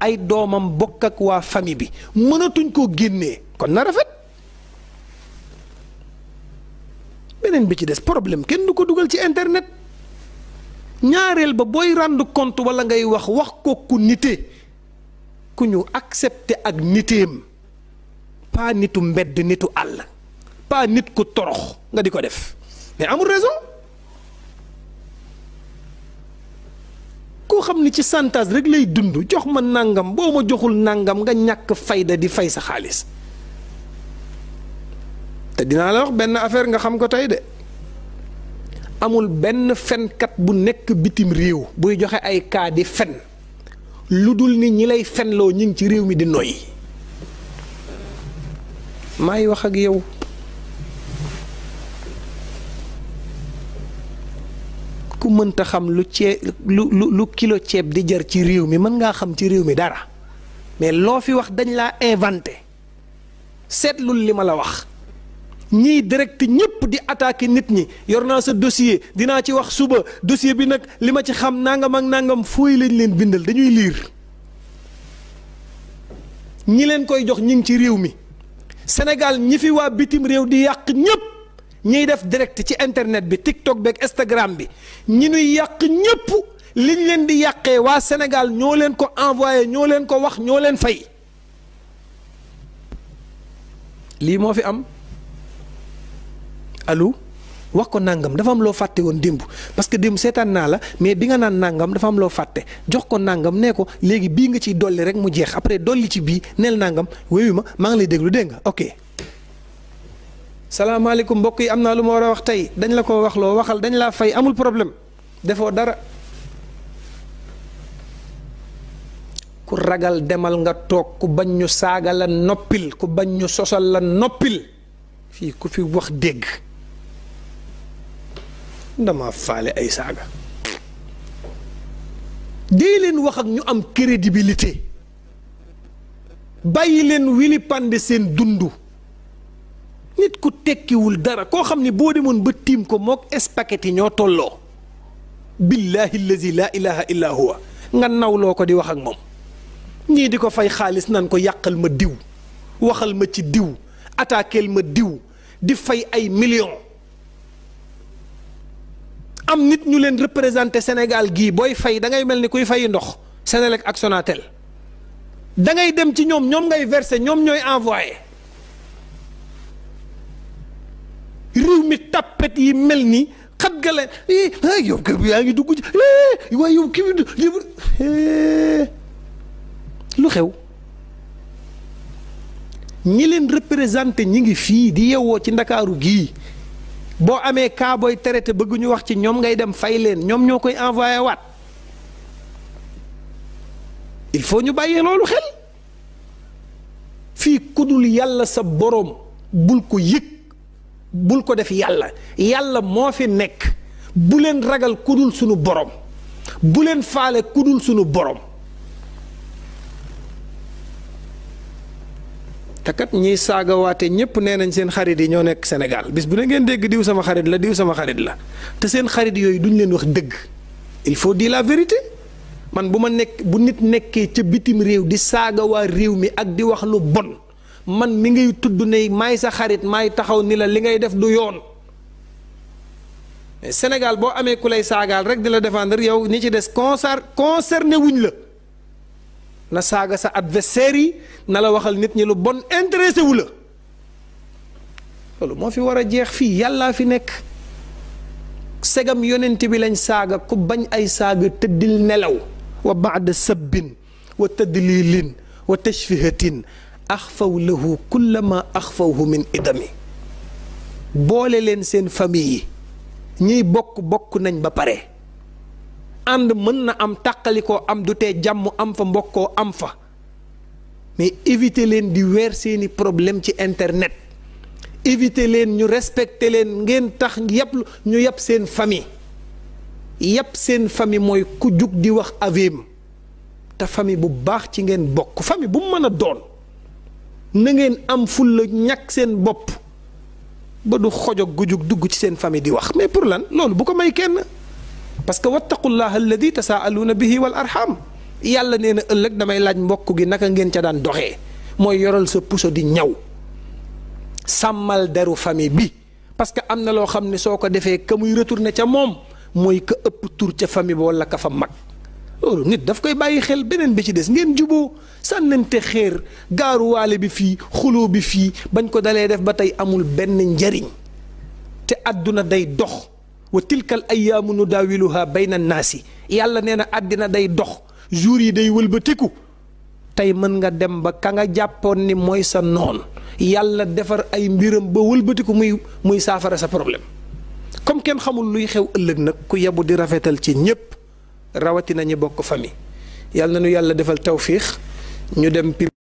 ay doomam bokk ak waa famille bi mënatuñ koo génnee kon na rafet beneen bi ci des problème kenn du ko dugal ci internet ñaareel ba booy rendre compte wala ngay wax wax ko ku nite ku ñu accepter ak niteem pas nitu mbedd nitu àll pas nit ku torox nga di ko def mais amul raison koo xam ne ci santage rek lay dund jox ma nàngam boo ma joxul nàngam nga ñàkk fayda di fay sa xaalis te dinaa la wax benn affaire nga xam ko tey de amul benn fenkat bu nekk bitim réew buy joxe ay kaa di fen lu dul ni ñi lay fenloo ñu ngi ci réew mi di noyyi maay wax ak yow ku mënta xam lu cee lu lu lu kilo ceeb di jar ci réew mi mën ngaa xam ci réew mi dara mais loo fi wax dañ laa inventé seetlul li ma la wax ñii direct ñëpp di attaqué nit ñi yor naa sa dossier dinaa ci wax suba dossier bi nag li ma ci xam nangam ak nangam fooy lañ leen bindal dañuy liir ñi leen koy jox ñi ngi ci réew mi Sénégal ñi fi waa bitim réew di yàq ñëpp. ñiy def direct ci internet bi TikTok beeg Instagram bi ñu nuy yàq ñëpp liñ leen di yàqee waa Sénégal ñoo leen ko envoyé ñoo leen ko wax ñoo leen fay lii moo fi am allo wax ko nàngam dafa am loo fàtte woon dimb parce que démb seetaan naa la mais bi nga naan nàngam dafa am loo fàtte jox ko nàngam ne ko léegi bii nga ciy dolli rek mu jeex après dolli ci bii neel nàngam wéyu ma maa ngi lay déglu dégg nga ok salaamaaleykum mbokk yi amna naa lu ma war a wax tey dañ la ko wax loo waxal dañ laa fay amul problème defoo dara ku ragal demal nga toog ku bañ ñu la nopil ku bañ sosal la nopil fii ku fi wax dégg dama faale ay saga dee leen wax ak ñu am crédibilité bàyyi leen wili pande seen dundu nit ku tekkiwul dara koo xam ne boo demoon ba tiim ko mook espaket yi ñoo tolloo billahi allazi laa ilaha illa huwa nga nawloo ko di wax ak moom ñii di ko fay xaalis nan ko yàqal ma diw waxal ma ci diw attaqueel ma diw di fay ay million am nit ñu leen représenté Sénégal gii booy fay da ngay mel ni kuy fay ndox Sénélec ak Sonatel da dem ci ñoom ñoom ngay versé ñoom ñooy envoyé réew mi tappet yi mel ni xat ga leen eh, eh yow kër bi yaa ngi dugg ci eh, eh. lu xew ñi leen représenté ñi ngi fii di yewoo ci ndakaaru gii boo amee kaa booy traité bëgg ñu wax ci ñoom ngay dem fay leen ñoom ñoo koy envoyé waat il faut ñu bàyyee loolu xel fii kudul yàlla sa boroom bul ko yëg. bul ko def yàlla yàlla moo fi nekk bu leen ragal kudul sunu borom bu leen faale kudul sunu borom te kat ñiy saagawaate ñëpp nee nañ seen xarit yi ñoo nekk Sénégal bis bu ne ngeen dégg diw sama xarit la diw sama xarit la te seen xarit yooyu duñ leen wax dëgg il faut di la vérité man bu ma nekk bu nit nekkee ca bitim réew di saaga réew mi ak di wax lu bon man mi ngay tudd ne may sa xarit maay taxaw ni la li ngay def du yoon Sénégal boo amee ku lay saagaal rek di la défendre yow ni ci des concer concerné wuñ la na saaga sa adversaire yi na la waxal nit ñi lu bon intéressé wu la loolu moo fi war a jeex fii yàllaa fi nekk segam yonent bi lañ saaga ku bañ ay saaga tëddil nelaw wa baada sabbin wa tadlilin wa tashfihatin axfaw lahu kullama axfawhu min itami boole leen seen famille yi ñiy bokk bokk nañ ba pare ànd mën na am tàqalikoo am du tee jàmm am fa mbokkoo am fa mais éviter leen di weer seeni problème ci internet éviter leen ñu respecter leen ngeen tax yëpp ñu yàpp seen famille yàpp seen famille mooy ku jug di wax avim te famille bu baax ci ngeen bokk famille bu mu mën a doon na ngeen am fulla ñàkk seen bopp ba du xojog gu dugg ci seen famille di wax mais pour lan loolu bu ko may kenn parce que wattaqullaha alladi tasaaluuna bihi wal arham yàlla nee na ëllëg damay laaj mbokk gi naka ngeen ca daan doxee mooy yoral sa puso di ñaw sàmmal deru famille bi parce que am na loo xam ne soo ko defee ka muy retourné ca moom mooy ka ëpp tur ca famille ba walla ka fa mag lolu nit daf koy bàyyi xel benen bi ci dess ngeen juboo sànnante xeer garu walé bi fi xuloo bi fi bagn ko dalé def batay amul benn njariñ te aduna day dox wa tilkal ayaamu nu daawiluha bayna naasi yàlla neena na day dox jour yi day wëlbatiku tay man nga dem ba ka nga jàppoon ni mooy sa non yàlla defar ay mbiram ba wëlbatiku muy muy safara sa problème comme ken xamul luy xew ëlëk nak ku yabu di rafetal ci ñépp rawatina ñi bokk famille yàlla na nu yàlla defal tawfiix ñu dem. piir